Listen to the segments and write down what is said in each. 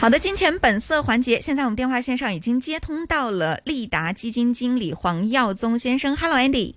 好的，金錢本色環節，現在我們電話線上已經接通到了利達基金經理黃耀宗先生。Hello，Andy。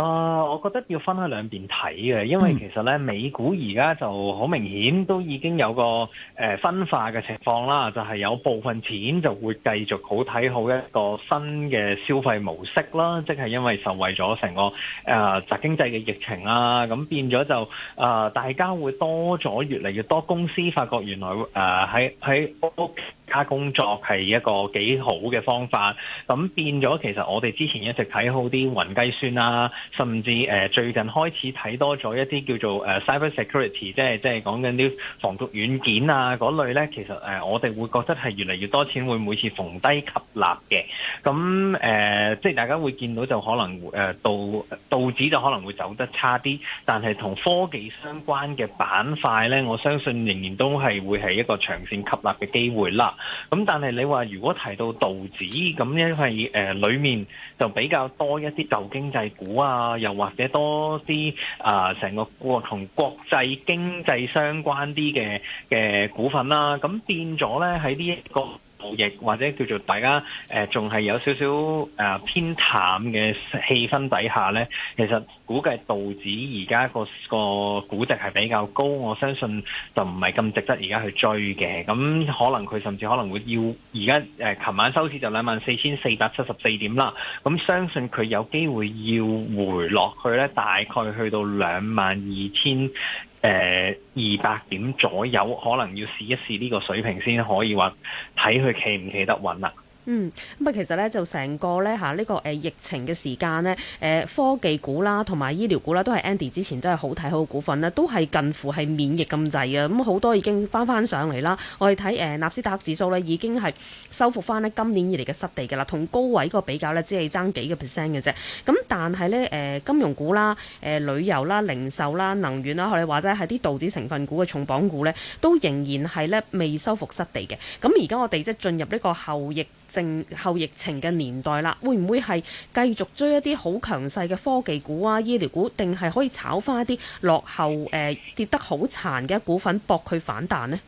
啊，uh, 我覺得要分開兩邊睇嘅，因為其實咧，美股而家就好明顯都已經有個誒、呃、分化嘅情況啦，就係、是、有部分錢就會繼續好睇好一個新嘅消費模式啦，即、就、係、是、因為受惠咗成個誒宅、呃、經濟嘅疫情啊，咁變咗就啊、呃，大家會多咗越嚟越多公司發覺原來誒喺喺屋。加工作係一個幾好嘅方法，咁變咗其實我哋之前一直睇好啲雲計算啦、啊，甚至誒、呃、最近開始睇多咗一啲叫做誒 Cyber Security，即係即係講緊啲防毒軟件啊嗰類咧，其實誒、呃、我哋會覺得係越嚟越多錢會每次逢低吸納嘅，咁誒、呃、即係大家會見到就可能誒、呃、道道指就可能會走得差啲，但係同科技相關嘅板塊咧，我相信仍然都係會係一個長線吸納嘅機會啦。咁但係你話如果提到道指咁，因為誒、呃、裏面就比較多一啲舊經濟股啊，又或者多啲啊成個國同國際經濟相關啲嘅嘅股份啦、啊。咁變咗咧喺呢一、這個。亦或者叫做大家誒，仲係有少少誒偏淡嘅氣氛底下呢，其實估計道指而家個個估值係比較高，我相信就唔係咁值得而家去追嘅。咁可能佢甚至可能會要而家誒，琴晚收市就兩萬四千四百七十四點啦。咁相信佢有機會要回落去呢，大概去到兩萬二千。誒二百點左右，可能要試一試呢個水平先可以話睇佢企唔企得穩啦，啊。嗯，咁啊，其實咧就成個咧嚇呢個誒疫情嘅時間呢，誒科技股啦同埋醫療股啦，都係 Andy 之前都係好睇好嘅股份咧，都係近乎係免疫咁滯嘅。咁好多已經翻翻上嚟啦。我哋睇誒納斯達克指數呢，已經係收復翻咧今年以嚟嘅失地嘅啦。同高位個比較呢，只係爭幾個 percent 嘅啫。咁但係呢誒金融股啦、誒、呃、旅遊啦、零售啦、能源啦，我哋話齋係啲道指成分股嘅重磅股呢，都仍然係咧未收復失地嘅。咁而家我哋即係進入呢個後疫。後疫情嘅年代啦，會唔會係繼續追一啲好強勢嘅科技股啊、醫療股，定係可以炒翻一啲落後誒跌得好殘嘅股份搏佢反彈呢？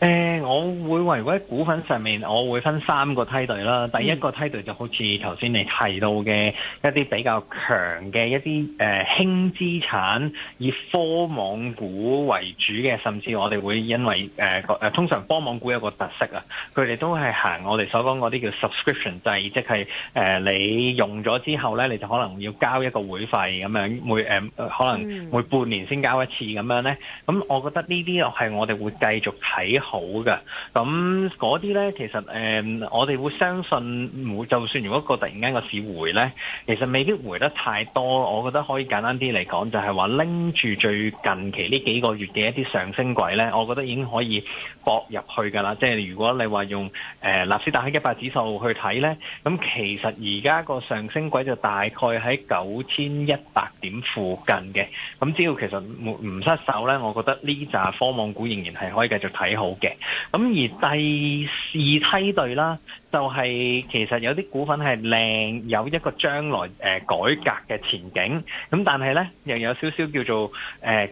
誒，我會話如果喺股份上面，我會分三個梯隊啦。第一個梯隊就好似頭先你提到嘅一啲比較強嘅一啲誒輕資產，以科網股為主嘅，甚至我哋會因為、呃、通常科網股有一個特色啊，佢哋都係行我哋所講嗰啲叫 subscription 制，即係、呃、你用咗之後咧，你就可能要交一個會費咁樣，每、呃、可能每半年先交一次咁樣咧。咁我覺得呢啲係我哋會繼續睇。幾好㗎，咁嗰啲呢，其實誒、呃，我哋會相信，就算如果個突然間個市回呢，其實未必回得太多。我覺得可以簡單啲嚟講，就係話拎住最近期呢幾個月嘅一啲上升軌呢，我覺得已經可以搏入去嘅啦。即係如果你話用誒、呃、納斯達克一百指數去睇呢，咁其實而家個上升軌就大概喺九千一百點附近嘅。咁只要其實唔失手呢，我覺得呢紮科網股仍然係可以繼續睇。好嘅，咁而第四梯隊啦。就係、是，其實有啲股份係靚有一個將來誒、呃、改革嘅前景。咁但係咧，又有少少叫做誒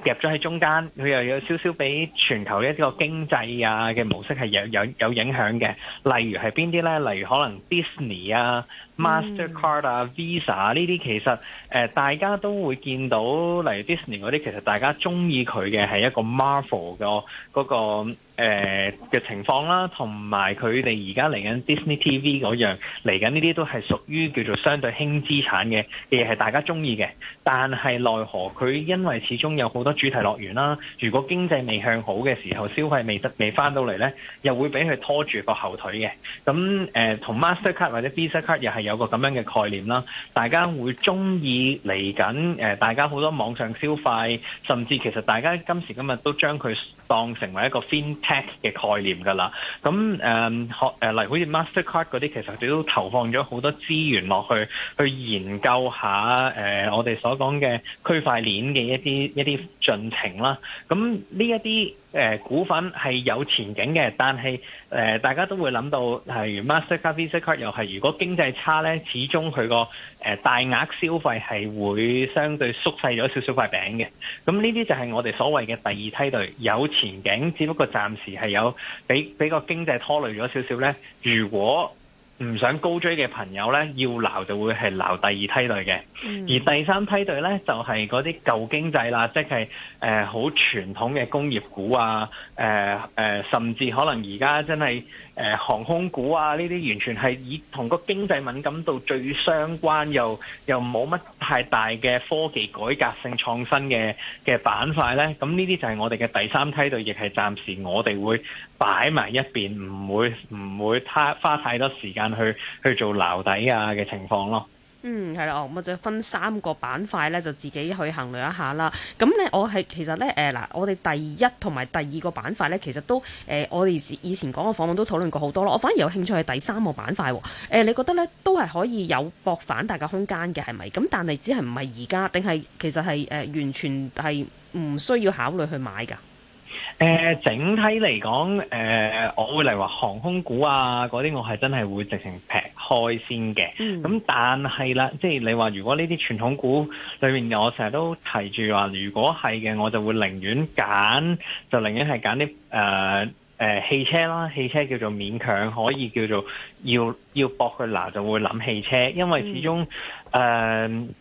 夾咗喺中間，佢又有少少比全球嘅一個經濟啊嘅模式係有有有影響嘅。例如係邊啲咧？例如可能 Disney 啊、嗯、Mastercard 啊、Visa 呢、啊、啲，其實誒、呃、大家都會見到。例如 Disney 嗰啲，其實大家中意佢嘅係一個 Marvel，嗰個個誒嘅情況啦，同埋佢哋而家嚟緊 Disney。TV 嗰樣嚟緊，呢啲都係屬於叫做相對輕資產嘅，嘢係大家中意嘅。但係奈何佢因為始終有好多主題樂園啦，如果經濟未向好嘅時候，消費未得未翻到嚟呢，又會俾佢拖住個後腿嘅。咁同、呃、MasterCard 或者 VisaCard 又係有個咁樣嘅概念啦。大家會中意嚟緊大家好多網上消費，甚至其實大家今時今日都將佢當成為一個 FinTech 嘅概念㗎啦。咁誒，學誒，例如好似 Master。VisaCard 嗰啲，其實佢都投放咗好多資源落去，去研究下誒、呃、我哋所講嘅區塊鏈嘅一啲一啲進程啦。咁呢一啲誒股份係有前景嘅，但係誒、呃、大家都會諗到係 Mastercard、VisaCard Master Visa 又係，如果經濟差呢，始終佢個誒大額消費係會相對縮細咗少少塊餅嘅。咁呢啲就係我哋所謂嘅第二梯隊有前景，只不過暫時係有比比個經濟拖累咗少少呢。如果如果唔想高追嘅朋友咧，要撈就會係撈第二梯隊嘅，而第三梯隊咧就係嗰啲舊經濟啦，即係誒好傳統嘅工業股啊，誒、呃、誒、呃、甚至可能而家真係誒、呃、航空股啊呢啲，這些完全係以同個經濟敏感度最相關，又又冇乜太大嘅科技改革性創新嘅嘅板塊咧。咁呢啲就係我哋嘅第三梯隊，亦係暫時我哋會。擺埋一邊，唔會唔會太花太多時間去去做撈底啊嘅情況咯。嗯，係啦，咁、哦、咪就分三個板塊咧，就自己去衡量一下啦。咁咧，我係其實咧，誒、呃、嗱，我哋第一同埋第二個板塊咧，其實都誒、呃，我哋以前講嘅訪問都討論過好多咯。我反而有興趣係第三個板塊、哦，誒、呃，你覺得咧都係可以有博反彈嘅空間嘅，係咪？咁但係只係唔係而家，定係其實係誒、呃、完全係唔需要考慮去買㗎？誒、呃，整體嚟講，誒、呃，我會嚟話航空股啊，嗰啲我係真係會直情劈開先嘅。咁、嗯、但係啦，即係你話如果呢啲傳統股裏面，我成日都提住話，如果係嘅，我就會寧願揀，就寧願係揀啲誒誒汽車啦。汽車叫做勉強可以叫做要要搏去嗱，就會諗汽車，因為始終誒。嗯呃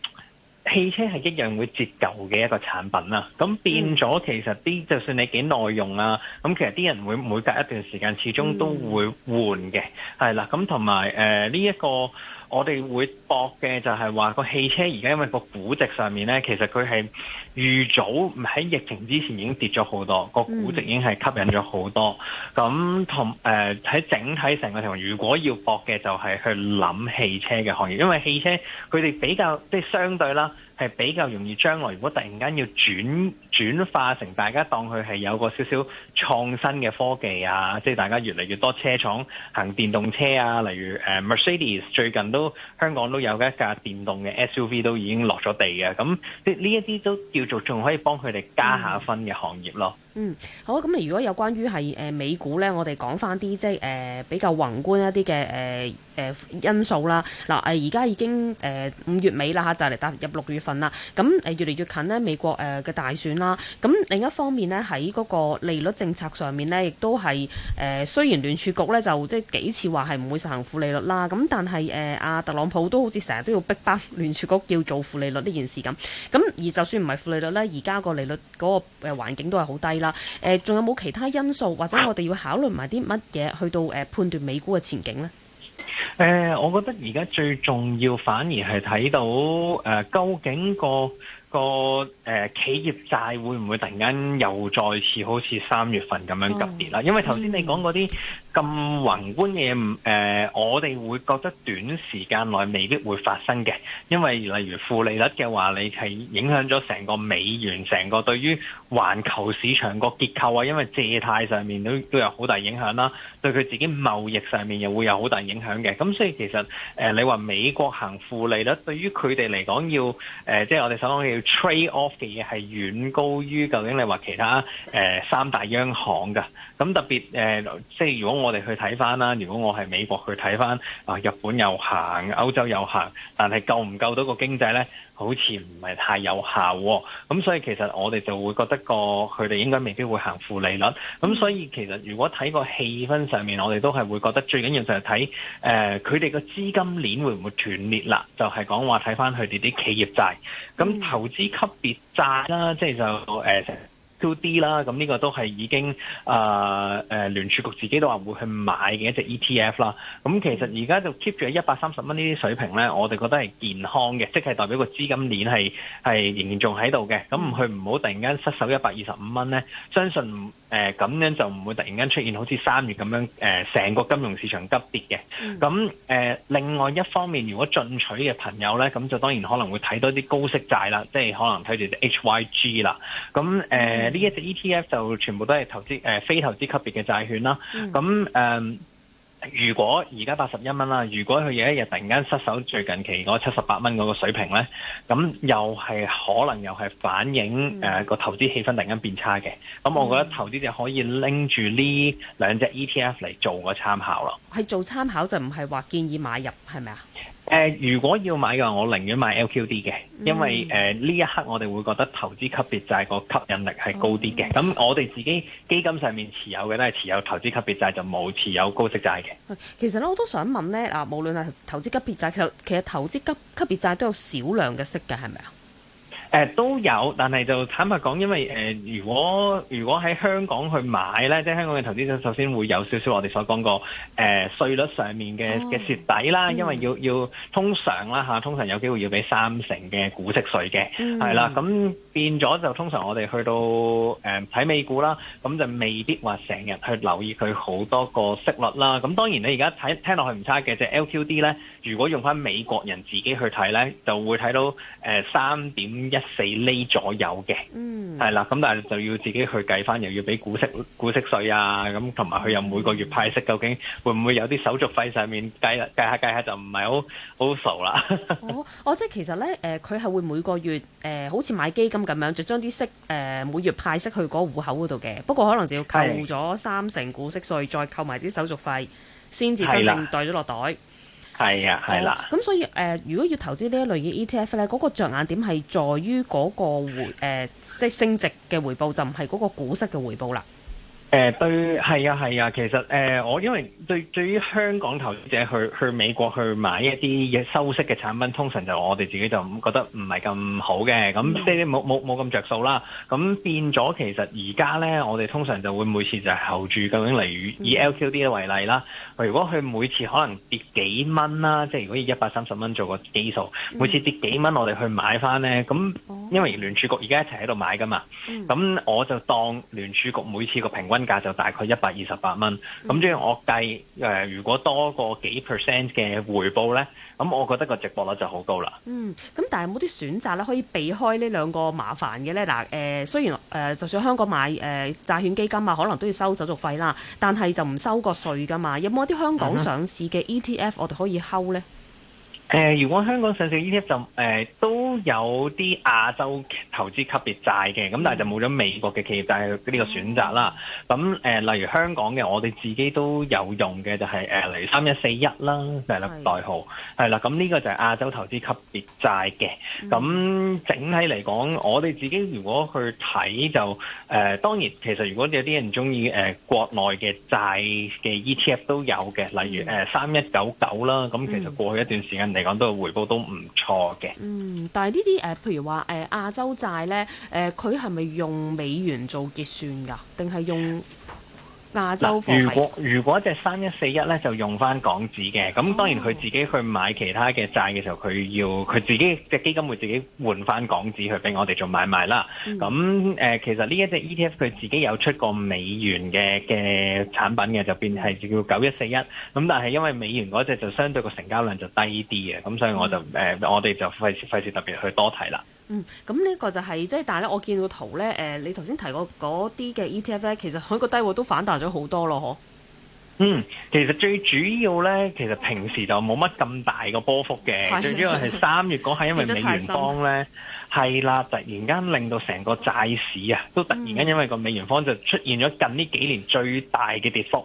汽車係一樣會折舊嘅一個產品啦，咁變咗其實啲就算你幾耐用啊，咁其實啲人會每隔一段時間始終都會換嘅，係啦。咁同埋誒呢一個我哋會博嘅就係話個汽車而家因為個估值上面呢，其實佢係預早喺疫情之前已經跌咗好多，個估值已經係吸引咗好多。咁同誒喺整體成個情況，如果要博嘅就係去諗汽車嘅行業，因為汽車佢哋比較即係相對啦。係比較容易，將來如果突然間要轉轉化成大家當佢係有個少少創新嘅科技啊，即係大家越嚟越多車廠行電動車啊，例如、uh, Mercedes 最近都香港都有一架電動嘅 SUV 都已經落咗地嘅，咁呢呢一啲都叫做仲可以幫佢哋加下分嘅行業咯。嗯嗯，好。咁如果有關於係誒、呃、美股咧，我哋講翻啲即係誒、呃、比較宏觀一啲嘅誒誒因素啦。嗱、呃，誒而家已經誒五、呃、月尾啦嚇，就嚟踏入六月份啦。咁誒、呃、越嚟越近咧，美國誒嘅、呃、大選啦。咁另一方面呢，喺嗰個利率政策上面呢，亦都係誒、呃、雖然聯儲局咧就即係幾次話係唔會實行負利率啦。咁但係誒阿特朗普都好似成日都要逼迫聯儲局叫做負利率呢件事咁。咁而就算唔係負利率呢，而家個利率嗰個環境都係好低。仲有冇其他因素，或者我哋要考慮埋啲乜嘢，去到誒判斷美股嘅前景呢？誒、呃，我覺得而家最重要，反而係睇到誒、呃，究竟個個誒、呃、企業債會唔會突然間又再次好似三月份咁樣急跌啦？哦、因為頭先你講嗰啲。嗯咁宏觀嘅嘢誒、呃，我哋會覺得短時間內未必會發生嘅，因為例如負利率嘅話，你係影響咗成個美元、成個對於環球市場個結構啊，因為借貸上面都都有好大影響啦，對佢自己貿易上面又會有好大影響嘅。咁所以其實誒、呃，你話美國行負利率，對於佢哋嚟講要誒，即、呃、係、就是、我哋所講嘅要 trade off 嘅嘢係遠高於究竟你話其他誒、呃、三大央行㗎。咁特別誒、呃，即係如果我我哋去睇翻啦，如果我係美國去睇翻，啊日本又行，歐洲又行，但係夠唔夠到個經濟呢？好似唔係太有效喎。咁所以其實我哋就會覺得個佢哋應該未必會行負利率。咁所以其實如果睇個氣氛上面，我哋都係會覺得最緊要就係睇誒佢哋嘅資金鏈會唔會斷裂啦，就係講話睇翻佢哋啲企業債，咁投資級別債啦，即係就誒、是。呃 QD 啦，咁呢個都係已經誒誒聯儲局自己都話會去買嘅一隻 ETF 啦。咁其實而家就 keep 住喺一百三十蚊呢啲水平咧，我哋覺得係健康嘅，即係代表個資金鏈係係仍然仲喺度嘅。咁佢唔好突然間失守一百二十五蚊咧，相信唔。誒咁樣就唔會突然間出現好似三月咁樣誒成、呃、個金融市場急跌嘅。咁誒、呃、另外一方面，如果進取嘅朋友咧，咁就當然可能會睇多啲高息債啦，即係可能睇住啲 HYG 啦。咁誒呢一隻 ETF 就全部都係投資、呃、非投資級別嘅債券啦。咁誒、嗯。如果而家八十一蚊啦，如果佢有一日突然間失守最近期嗰七十八蚊嗰個水平咧，咁又係可能又係反映誒個、嗯啊、投資氣氛突然間變差嘅。咁我覺得投資者可以拎住呢兩隻 ETF 嚟做個參考咯。係做參考就唔係話建議買入，係咪啊？誒、呃，如果要買嘅話，我寧願買 LQD 嘅，因為誒呢、嗯呃、一刻我哋會覺得投資級別債個吸引力係高啲嘅。咁、嗯、我哋自己基金上面持有嘅都係持有投資級別債就冇持有高息債嘅。其實咧，我都想問咧，啊，無論係投資級別債，其實其實投資級級別債都有少量嘅息嘅，係咪啊？誒、呃、都有，但係就坦白講，因為誒、呃、如果如果喺香港去買呢即係香港嘅投資者，首先會有少少我哋所講過誒、呃、稅率上面嘅嘅蝕底啦，因為要要通常啦、啊、通常有機會要俾三成嘅股息稅嘅，係啦、嗯，咁變咗就通常我哋去到誒睇、呃、美股啦，咁就未必話成日去留意佢好多個息率啦。咁當然你而家睇聽落去唔差嘅，即、就、係、是、LQD 呢，如果用翻美國人自己去睇呢，就會睇到誒三點一。呃四厘左右嘅，係啦、嗯，咁但係就要自己去計返，又要俾股息股息稅啊，咁同埋佢又每個月派息，究竟會唔會有啲手續費上面計下計下就唔係好好啦。哦，即係其實呢，佢、呃、係會每個月、呃、好似買基金咁樣，就將啲息、呃、每月派息去嗰個戶口嗰度嘅。不過可能就要扣咗三成股息稅，的再扣埋啲手續費，先至真正袋咗落袋。係啊，係啦。咁所以，誒、呃，如果要投資呢一類嘅 ETF 咧，嗰個着眼點係在於嗰個回、呃，即係升值嘅回報，就唔係嗰個股息嘅回報啦。誒、呃，對，係啊，係啊，其實誒、呃，我因為對，對於香港投資者去去美國去買一啲嘢收息嘅產品，通常就我哋自己就覺得唔係咁好嘅，咁即係冇冇冇咁着數啦。咁變咗，其實而家咧，我哋通常就會每次就係后住究竟例如，以 LQD 為例啦。嗯、如果佢每次可能跌幾蚊啦，即係如果以一百三十蚊做個基數，每次跌幾蚊，我哋去買翻咧，咁因為聯儲局而家一齊喺度買噶嘛，咁我就當聯儲局每次個平均價就大概一百二十八蚊，咁即係我計誒、呃，如果多過幾 percent 嘅回報咧，咁我覺得個值博率就好高啦。嗯，咁但係有冇啲選擇咧，可以避開呢兩個麻煩嘅咧？嗱，誒，雖然誒、呃，就算香港買誒債、呃、券基金啊，可能都要收手續費啦，但係就唔收個稅噶嘛。有冇一啲香港上市嘅 ETF 我哋可以 hold 咧？誒、呃，如果香港上市 E.T.F 就誒、呃、都有啲亞洲投資級別債嘅，咁但係就冇咗美國嘅企業債呢、就是、個選擇啦。咁誒、呃，例如香港嘅我哋自己都有用嘅就係例如三一四一啦，係啦代號係啦。咁呢是個就係亞洲投資級別債嘅。咁整體嚟講，我哋自己如果去睇就誒、呃，當然其實如果有啲人中意誒國內嘅債嘅 E.T.F 都有嘅，例如誒三一九九啦。咁其實過去一段時間、嗯。嚟講都係回報都唔錯嘅。嗯，但係呢啲誒，譬如話誒亞洲債咧，誒佢係咪用美元做結算㗎？定係用？如果如果隻三一四一咧就用翻港紙嘅，咁當然佢自己去買其他嘅債嘅時候，佢要佢自己隻基金會自己換翻港紙去俾我哋做買賣啦。咁、嗯呃、其實呢一隻 ETF 佢自己有出過美元嘅嘅產品嘅，就變係叫九一四一。咁但係因為美元嗰隻就相對個成交量就低啲嘅，咁所以我就、嗯呃、我哋就費事費事特別去多睇啦。嗯，咁呢個就係即係，但係咧，我見到圖咧，誒，你頭先提過嗰啲嘅 ETF 咧，其實佢個低位都反彈咗好多咯，嗬。嗯，其實最主要咧，其實平時就冇乜咁大個波幅嘅， 最主要係三月嗰係因為美元方咧係啦，突然間令到成個債市啊，都突然間因為個美元方就出現咗近呢幾年最大嘅跌幅，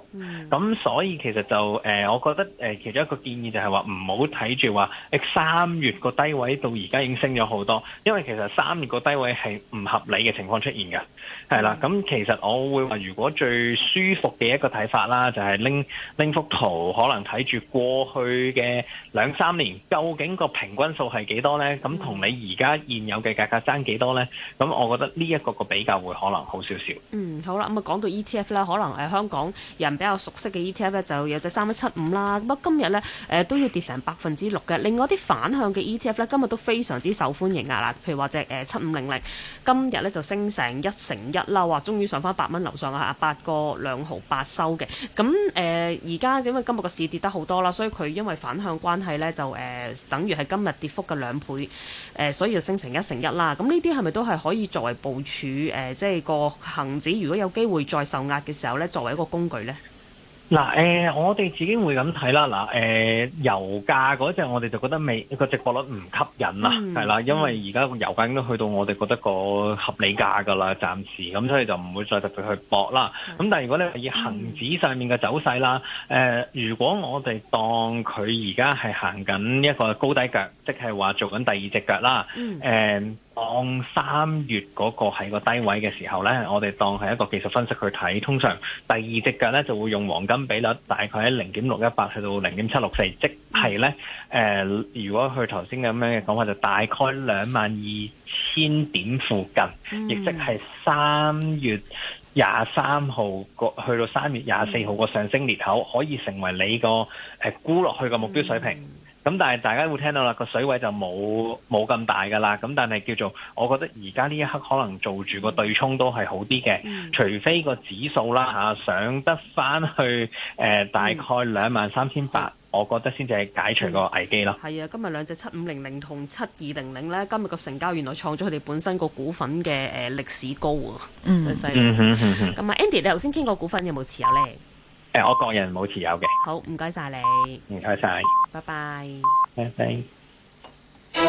咁、嗯、所以其實就、呃、我覺得其中一個建議就係話唔好睇住話三月個低位到而家已經升咗好多，因為其實三月個低位係唔合理嘅情況出現嘅，係啦，咁其實我會話如果最舒服嘅一個睇法啦，就係、係。拎拎幅圖，可能睇住過去嘅兩三年，究竟個平均數係幾多呢？咁同你而家現有嘅價格爭幾多呢？咁我覺得呢一個個比較會可能好少少。嗯，好啦，咁啊講到 ETF 呢，可能誒、呃、香港人比較熟悉嘅 ETF 呢，就有隻三一七五啦。咁啊今日呢，誒、呃、都要跌成百分之六嘅。另外啲反向嘅 ETF 呢，今日都非常之受歡迎啊！嗱，譬如話隻誒七五零零，呃、500, 今日呢就升成一成一啦，話終於上翻八蚊樓上啊，八個兩毫八收嘅。咁誒而家因為今日個市跌得好多啦，所以佢因為反向關係呢，就誒、呃、等於係今日跌幅嘅兩倍、呃、所以就升成一成一啦。咁呢啲係咪都係可以作為部署誒，即、呃、係、就是、個恆指如果有機會再受壓嘅時候呢，作為一個工具呢？嗱，誒、呃，我哋自己會咁睇啦。嗱，誒，油價嗰隻我哋就覺得未個直覺率唔吸引啊，係、嗯、啦，因為而家個油價應該去到我哋覺得個合理價㗎啦，暫時咁，所以就唔會再特別去搏啦。咁、嗯、但係如果你話以恒指上面嘅走勢啦，誒、嗯呃，如果我哋當佢而家係行緊一個高低腳。即係話做緊第二隻腳啦，誒、嗯、當三月嗰個係個低位嘅時候呢，我哋當係一個技術分析去睇。通常第二隻腳呢，就會用黃金比率，大概喺零點六一八去到零點七六四，即係呢。如果佢頭先咁樣嘅講法，就大概兩萬二千點附近，亦即係三月廿三號個去到三月廿四號個上升裂口，可以成為你個誒沽落去嘅目標水平。嗯咁但係大家會聽到啦，個水位就冇冇咁大噶啦。咁但係叫做，我覺得而家呢一刻可能做住個對沖都係好啲嘅，嗯、除非個指數啦嚇上得翻去誒、呃、大概兩萬三千八，我覺得先至係解除個危機啦。係啊，今日兩隻七五零零同七二零零咧，今日個成交原來創咗佢哋本身個股份嘅誒、呃、歷史高啊！咁啊，Andy，你頭先傾過股份有冇持有咧？誒，我個人冇持有嘅。好，唔該晒你。唔該晒。拜拜 bye。拜拜。